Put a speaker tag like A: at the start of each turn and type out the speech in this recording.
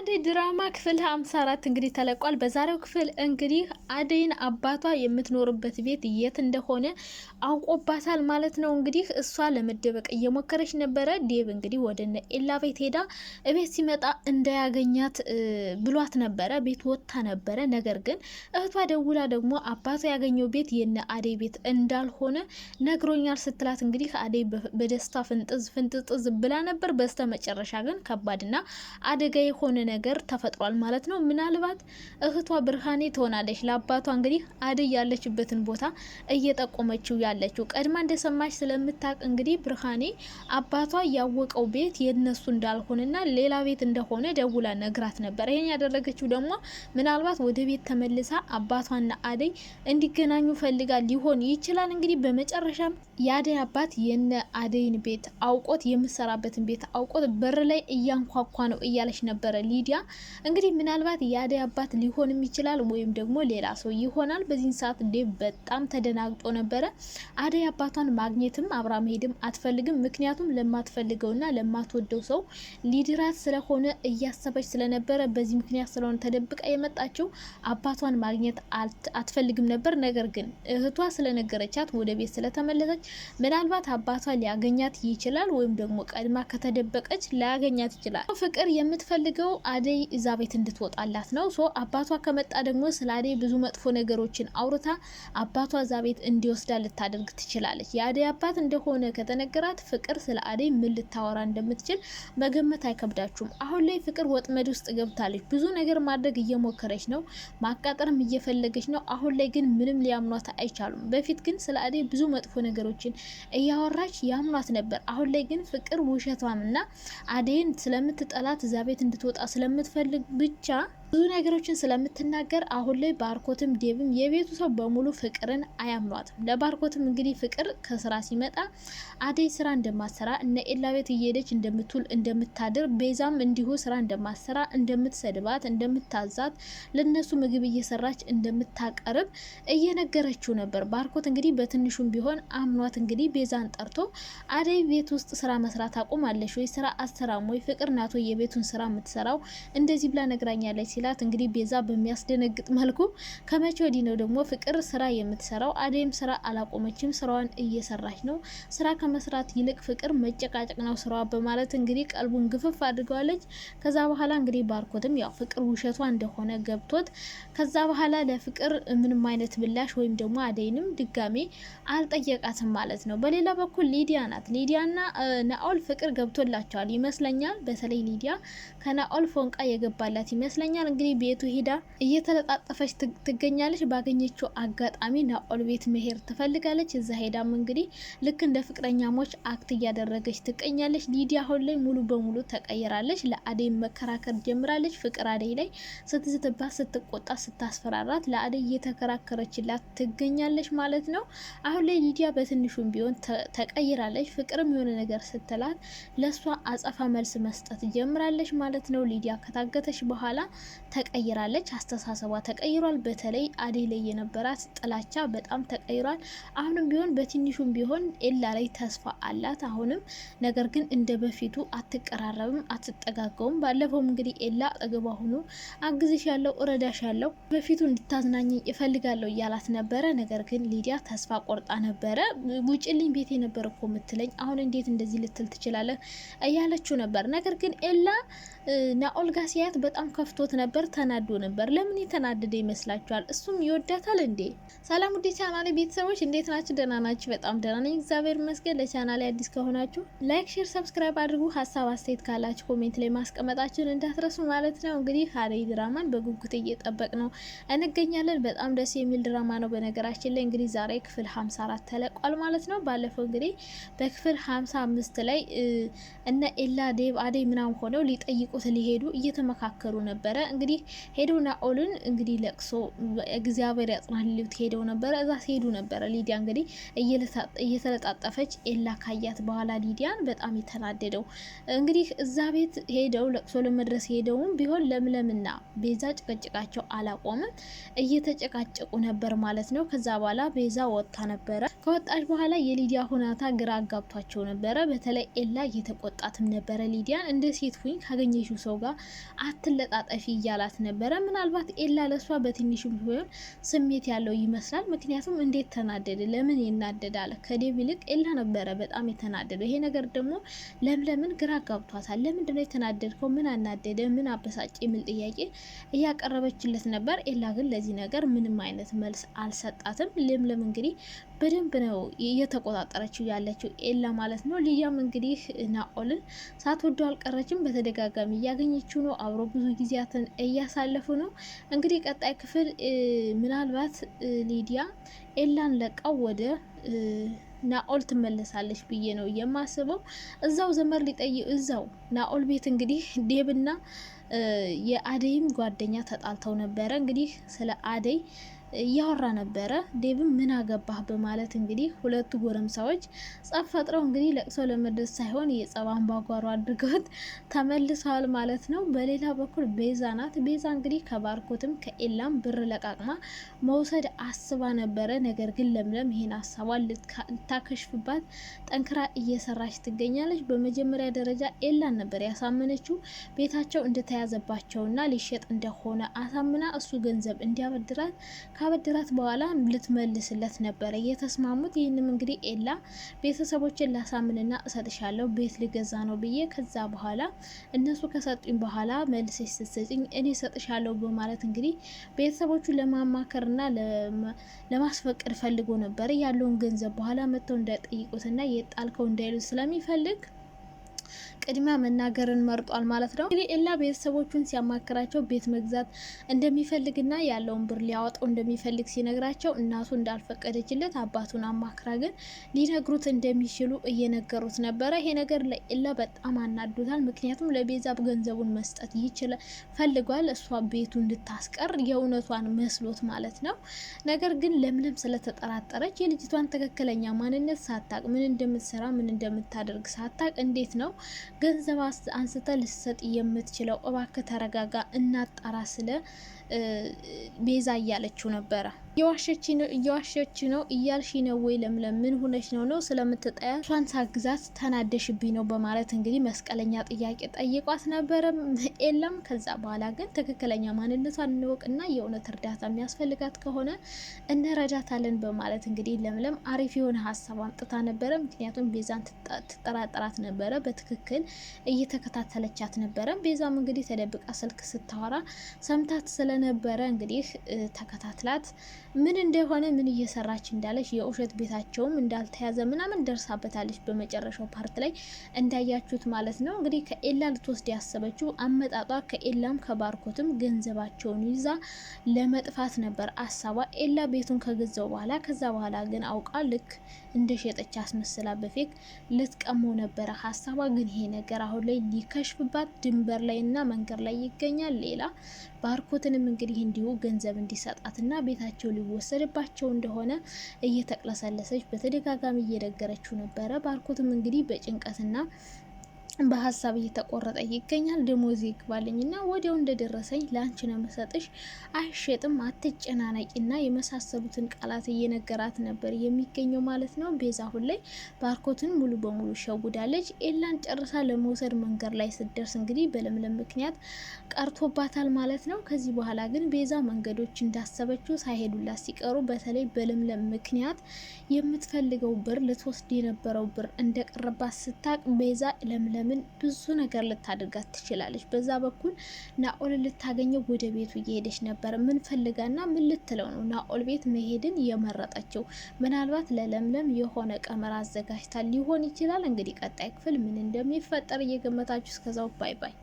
A: አደይ ድራማ ክፍል 54 እንግዲህ ተለቋል። በዛሬው ክፍል እንግዲህ አደይን አባቷ የምትኖርበት ቤት የት እንደሆነ አውቆባታል ማለት ነው። እንግዲህ እሷ ለመደበቅ እየሞከረች ነበረ። ዴብ እንግዲህ ወደ እነ ኤላ ቤት ሄዳ እቤት ሲመጣ እንዳያገኛት ብሏት ነበረ። ቤት ወጥታ ነበረ። ነገር ግን እህቷ ደውላ ደግሞ አባቷ ያገኘው ቤት የነ አደይ ቤት እንዳልሆነ ነግሮኛል ስትላት እንግዲህ አደይ በደስታ ፍንጥዝ ፍንጥጥዝ ብላ ነበር። በስተ መጨረሻ ግን ከባድና አደጋ የሆነ ነገር ተፈጥሯል ማለት ነው። ምናልባት እህቷ ብርሃኔ ትሆናለች ለአባቷ እንግዲህ አደይ ያለችበትን ቦታ እየጠቆመችው ያለችው ቀድማ እንደሰማች ስለምታቅ እንግዲህ ብርሃኔ አባቷ ያወቀው ቤት የነሱ እንዳልሆነና ሌላ ቤት እንደሆነ ደውላ ነግራት ነበር። ይሄን ያደረገችው ደግሞ ምናልባት ወደ ቤት ተመልሳ አባቷና አደይ እንዲገናኙ ፈልጋ ሊሆን ይችላል። እንግዲህ በመጨረሻም የአደይ አባት የነ አደይን ቤት አውቆት የምሰራበትን ቤት አውቆት በር ላይ እያንኳኳ ነው እያለች ነበረ ሚዲያ እንግዲህ ምናልባት የአደይ አባት ሊሆንም ይችላል ወይም ደግሞ ሌላ ሰው ይሆናል። በዚህን ሰዓት ዴቭ በጣም ተደናግጦ ነበረ። አደይ አባቷን ማግኘትም አብራ መሄድም አትፈልግም። ምክንያቱም ለማትፈልገውና ለማትወደው ሰው ሊድራት ስለሆነ እያሰበች ስለነበረ በዚህ ምክንያት ስለሆነ ተደብቃ የመጣችው አባቷን ማግኘት አትፈልግም ነበር። ነገር ግን እህቷ ስለነገረቻት ወደ ቤት ስለተመለሰች ምናልባት አባቷ ሊያገኛት ይችላል፣ ወይም ደግሞ ቀድማ ከተደበቀች ሊያገኛት ይችላል። ፍቅር የምትፈልገው አደይ እዛ ቤት እንድትወጣላት ነው። ሶ አባቷ ከመጣ ደግሞ ስለ አደይ ብዙ መጥፎ ነገሮችን አውርታ አባቷ እዛ ቤት እንዲወስዳ ልታደርግ ትችላለች። የአደይ አባት እንደሆነ ከተነገራት ፍቅር ስለ አደይ ምን ልታወራ እንደምትችል መገመት አይከብዳችሁም። አሁን ላይ ፍቅር ወጥመድ ውስጥ ገብታለች። ብዙ ነገር ማድረግ እየሞከረች ነው፣ ማቃጠርም እየፈለገች ነው። አሁን ላይ ግን ምንም ሊያምኗት አይቻሉም። በፊት ግን ስለ አደይ ብዙ መጥፎ ነገሮችን እያወራች ያምኗት ነበር። አሁን ላይ ግን ፍቅር ውሸቷንና አደይን ስለምትጠላት እዛ ቤት እንድትወጣ ስለምትፈልግ ብቻ ብዙ ነገሮችን ስለምትናገር አሁን ላይ ባርኮትም ዴብም የቤቱ ሰው በሙሉ ፍቅርን አያምኗትም። ለባርኮትም እንግዲህ ፍቅር ከስራ ሲመጣ አደይ ስራ እንደማትሰራ እነ ኤላ ቤት እየሄደች እንደምትውል እንደምታድር፣ ቤዛም እንዲሁ ስራ እንደማትሰራ እንደምትሰድባት፣ እንደምታዛት፣ ለነሱ ምግብ እየሰራች እንደምታቀርብ እየነገረችው ነበር። ባርኮት እንግዲህ በትንሹም ቢሆን አምኗት እንግዲህ ቤዛን ጠርቶ አደይ ቤት ውስጥ ስራ መስራት አቁማለች ወይ ስራ አሰራም ወይ ፍቅር ናቶ የቤቱን ስራ የምትሰራው እንደዚህ ብላ ነግራኛለች ሲላት እንግዲህ ቤዛ በሚያስደነግጥ መልኩ ከመቼ ወዲህ ነው ደግሞ ፍቅር ስራ የምትሰራው? አደይም ስራ አላቆመችም፣ ስራዋን እየሰራች ነው። ስራ ከመስራት ይልቅ ፍቅር መጨቃጨቅ ነው ስራዋ በማለት እንግዲህ ቀልቡን ግፍፍ አድርገዋለች። ከዛ በኋላ እንግዲህ ባርኮትም ያው ፍቅር ውሸቷ እንደሆነ ገብቶት ከዛ በኋላ ለፍቅር ምንም አይነት ምላሽ ወይም ደግሞ አደይንም ድጋሜ አልጠየቃትም ማለት ነው። በሌላ በኩል ሊዲያ ናት። ሊዲያና ናኦል ፍቅር ገብቶላቸዋል ይመስለኛል። በተለይ ሊዲያ ከናኦል ፎንቃ የገባላት ይመስለኛል። እንግዲህ ቤቱ ሂዳ እየተለጣጠፈች ትገኛለች። ባገኘችው አጋጣሚ ናኦል ቤት መሄድ ትፈልጋለች። እዛ ሄዳም እንግዲህ ልክ እንደ ፍቅረኛሞች አክት እያደረገች ትገኛለች። ሊዲያ አሁን ላይ ሙሉ በሙሉ ተቀይራለች። ለአደይ መከራከር ጀምራለች። ፍቅር አደይ ላይ ስትዝትባት፣ ስትቆጣ፣ ስታስፈራራት ለአደይ እየተከራከረችላት ትገኛለች ማለት ነው። አሁን ላይ ሊዲያ በትንሹም ቢሆን ተቀይራለች። ፍቅርም የሆነ ነገር ስትላት ለእሷ አጸፋ መልስ መስጠት ጀምራለች ማለት ነው። ሊዲያ ከታገተች በኋላ ተቀይራለች። አስተሳሰቧ ተቀይሯል። በተለይ አዴ ላይ የነበራት ጥላቻ በጣም ተቀይሯል። አሁንም ቢሆን በትንሹም ቢሆን ኤላ ላይ ተስፋ አላት አሁንም። ነገር ግን እንደ በፊቱ አትቀራረብም፣ አትጠጋገውም። ባለፈውም እንግዲህ ኤላ አጠገቧ ሁኑ፣ አግዝሽ ያለው እረዳሽ ያለው በፊቱ እንድታዝናኝ ይፈልጋለሁ እያላት ነበረ። ነገር ግን ሊዲያ ተስፋ ቆርጣ ነበረ። ውጭልኝ ቤት የነበረ እኮ ምትለኝ አሁን እንዴት እንደዚህ ልትል ትችላለህ? እያለችው ነበር። ነገር ግን ኤላ ናኦል ጋ ሲያያት በጣም ከፍቶት ነበር። ነበር፣ ተናዶ ነበር። ለምን የተናደደ ይመስላችኋል? እሱም ይወዳታል እንዴ? ሰላም ውዴ ቻናሌ ቤተሰቦች እንዴት ናችሁ? ደህና ናችሁ? በጣም ደህና ነኝ፣ እግዚአብሔር ይመስገን። ለቻናሌ አዲስ ከሆናችሁ ላይክ፣ ሼር፣ ሰብስክራይብ አድርጉ። ሀሳብ አስተያየት ካላችሁ ኮሜንት ላይ ማስቀመጣችሁን እንዳትረሱ ማለት ነው። እንግዲህ ሐረግ ድራማን በጉጉት እየጠበቅ ነው እንገኛለን። በጣም ደስ የሚል ድራማ ነው። በነገራችን ላይ እንግዲህ ዛሬ ክፍል 54 ተለቋል ማለት ነው። ባለፈው እንግዲህ በክፍል 55 ላይ እነ ኤላ ዴብ አዴ ምናም ሆነው ሊጠይቁት ሊሄዱ እየተመካከሩ ነበረ። እንግዲህ ሄደው ናኦልን እንግዲህ ለቅሶ እግዚአብሔር ያጽናልት ሄደው ነበረ። እዛ ሲሄዱ ነበረ ሊዲያ እንግዲህ እየተለጣጠፈች ኤላ ካያት በኋላ ሊዲያን በጣም የተናደደው እንግዲህ እዛ ቤት ሄደው ለቅሶ ለመድረስ ሄደውም ቢሆን ለምለምና ቤዛ ጭቅጭቃቸው አላቆምም፣ እየተጨቃጨቁ ነበር ማለት ነው። ከዛ በኋላ ቤዛ ወጥታ ነበረ። ከወጣች በኋላ የሊዲያ ሁናታ ግራ አጋብቷቸው ነበረ። በተለይ ኤላ እየተቆጣትም ነበረ ሊዲያን እንደ ሴት ሁኝ ካገኘሽው ሰው ጋር አትለጣጠፊ እያላት ነበረ። ምናልባት ኤላ ለሷ በትንሹ ቢሆን ስሜት ያለው ይመስላል። ምክንያቱም እንዴት ተናደደ? ለምን ይናደዳል? ከዴቭ ይልቅ ኤላ ነበረ በጣም የተናደደው። ይሄ ነገር ደግሞ ለምለምን ግራ ጋብቷታል። ለምንድነው የተናደድከው? ምን አናደደ? ምን አበሳጭ? የሚል ጥያቄ እያቀረበችለት ነበር። ኤላ ግን ለዚህ ነገር ምንም አይነት መልስ አልሰጣትም። ለምለም እንግዲህ በደንብ ነው እየተቆጣጠረችው ያለችው ኤላ ማለት ነው። ልያም እንግዲህ ናኦልን ሳትወደው አልቀረችም። በተደጋጋሚ እያገኘችው ነው። አብሮ ብዙ ጊዜያትን እያሳለፉ ነው። እንግዲህ ቀጣይ ክፍል ምናልባት ሊዲያ ኤላን ለቃው ወደ ናኦል ትመለሳለች ብዬ ነው የማስበው። እዛው ዘመር ሊጠይ እዛው ናኦል ቤት እንግዲህ ዴብና የአደይም ጓደኛ ተጣልተው ነበረ። እንግዲህ ስለ አደይ እያወራ ነበረ። ዴብም ምን አገባህ በማለት እንግዲህ ሁለቱ ጎረምሳዎች ጸብ ፈጥረው እንግዲህ ለቅሶ ለመድረስ ሳይሆን የጸብ አምባጓሮ አድርገውት ተመልሰዋል ማለት ነው። በሌላ በኩል ቤዛ ናት። ቤዛ እንግዲህ ከባርኮትም ከኤላም ብር ለቃቅማ መውሰድ አስባ ነበረ። ነገር ግን ለምለም ይሄን ሀሳቧን ልታከሽፍባት ጠንክራ እየሰራች ትገኛለች። በመጀመሪያ ደረጃ ኤላን ነበር ያሳመነችው ቤታቸው እንደተያዘባቸውና ሊሸጥ እንደሆነ አሳምና እሱ ገንዘብ እንዲያበድራት ካበድራት በኋላ ልትመልስለት ነበረ የተስማሙት። ይህንም እንግዲህ ኤላ ቤተሰቦችን ላሳምንና እሰጥሻለሁ ቤት ልገዛ ነው ብዬ ከዛ በኋላ እነሱ ከሰጡኝ በኋላ መልስ ስትሰጭኝ እኔ እሰጥሻለሁ በማለት እንግዲህ ቤተሰቦቹ ለማማከርና ለማስፈቀድ ፈልጎ ነበረ። ያለውን ገንዘብ በኋላ መጥተው እንዳይጠይቁትና የጣልከው እንዳይሉት ስለሚፈልግ ቅድሚያ መናገርን መርጧል ማለት ነው። እንግዲህ ኤላ ቤተሰቦቹን ሲያማክራቸው ቤት መግዛት እንደሚፈልግና ያለውን ብር ሊያወጣው እንደሚፈልግ ሲነግራቸው እናቱ እንዳልፈቀደችለት አባቱን አማክራ ግን ሊነግሩት እንደሚችሉ እየነገሩት ነበረ። ይሄ ነገር ለኤላ በጣም አናዶታል። ምክንያቱም ለቤዛ ገንዘቡን መስጠት ይችላል ፈልጓል፣ እሷ ቤቱ እንድታስቀር የእውነቷን መስሎት ማለት ነው። ነገር ግን ለምለም ስለተጠራጠረች የልጅቷን ትክክለኛ ማንነት ሳታቅ ምን እንደምትሰራ ምን እንደምታደርግ ሳታቅ እንዴት ነው ገንዘብ አንስተ ልሰጥ የምትችለው እባክህ ተረጋጋ፣ እናጣራ ስለ ቤዛ እያለችው ነበረ። እየዋሸች ነው እያልሽ ነው ወይ ለምለም ምን ሁነሽ ነው ነው ስለምትጠያ እሷን ሳግዛት ተናደሽብኝ ነው በማለት እንግዲህ መስቀለኛ ጥያቄ ጠይቋት ነበረ የለም ከዛ በኋላ ግን ትክክለኛ ማንነቷን እና የእውነት እርዳታ የሚያስፈልጋት ከሆነ እንረዳታለን በማለት እንግዲህ ለምለም አሪፍ የሆነ ሀሳብ አምጥታ ነበረ ምክንያቱም ቤዛን ትጠራጠራት ነበረ በትክክል እየተከታተለቻት ነበረ ቤዛም እንግዲህ ተደብቃ ስልክ ስታወራ ሰምታት ስለነበረ እንግዲህ ተከታትላት ምን እንደሆነ ምን እየሰራች እንዳለች የውሸት ቤታቸውም እንዳልተያዘ ምናምን ደርሳበታለች። በመጨረሻው ፓርት ላይ እንዳያችሁት ማለት ነው። እንግዲህ ከኤላ ልትወስድ ያሰበችው አመጣጧ ከኤላም ከባርኮትም ገንዘባቸውን ይዛ ለመጥፋት ነበር አሳቧ። ኤላ ቤቱን ከገዛው በኋላ ከዛ በኋላ ግን አውቃ ልክ እንደሸጠች አስመስላ በፌክ ልትቀመው ነበረ ሀሳቧ። ግን ይሄ ነገር አሁን ላይ ሊከሽፍባት ድንበር ላይ እና መንገድ ላይ ይገኛል። ሌላ ባርኮትንም እንግዲህ እንዲሁ ገንዘብ እንዲሰጣትና ቤታቸው የሚወሰድባቸው እንደሆነ እየተቅለሰለሰች በተደጋጋሚ እየነገረችው ነበረ። ባርኮትም እንግዲህ በጭንቀትና በሀሳብ እየተቆረጠ ይገኛል። ደሞዝ ይግባልኝ እና ወዲያው እንደደረሰኝ ለአንቺ ነው የምሰጥሽ፣ አይሸጥም፣ እና የመሳሰሉትን ቃላት እየነገራት ነበር የሚገኘው ማለት ነው። ቤዛ አሁን ላይ ባርኮትን ሙሉ በሙሉ ሸውዳለች። ኤላን ጨርሳ ለመውሰድ መንገድ ላይ ስደርስ እንግዲህ በለምለም ምክንያት ቀርቶባታል ማለት ነው። ከዚህ በኋላ ግን ቤዛ መንገዶች እንዳሰበችው ሳይሄዱላት ሲቀሩ በተለይ በለምለም ምክንያት የምትፈልገው ብር ልትወስድ የነበረው ብር እንደቀረባት ስታቅ ቤዛ ለምለም ለምን ብዙ ነገር ልታደርጋት ትችላለች። በዛ በኩል ናኦል ልታገኘው ወደ ቤቱ እየሄደች ነበር። ምን ፈልጋና ምን ልትለው ነው ናኦል ቤት መሄድን የመረጠችው? ምናልባት ለለምለም የሆነ ቀመር አዘጋጅታ ሊሆን ይችላል። እንግዲህ ቀጣይ ክፍል ምን እንደሚፈጠር እየገመታችሁ እስከዛው ባይ ባይ።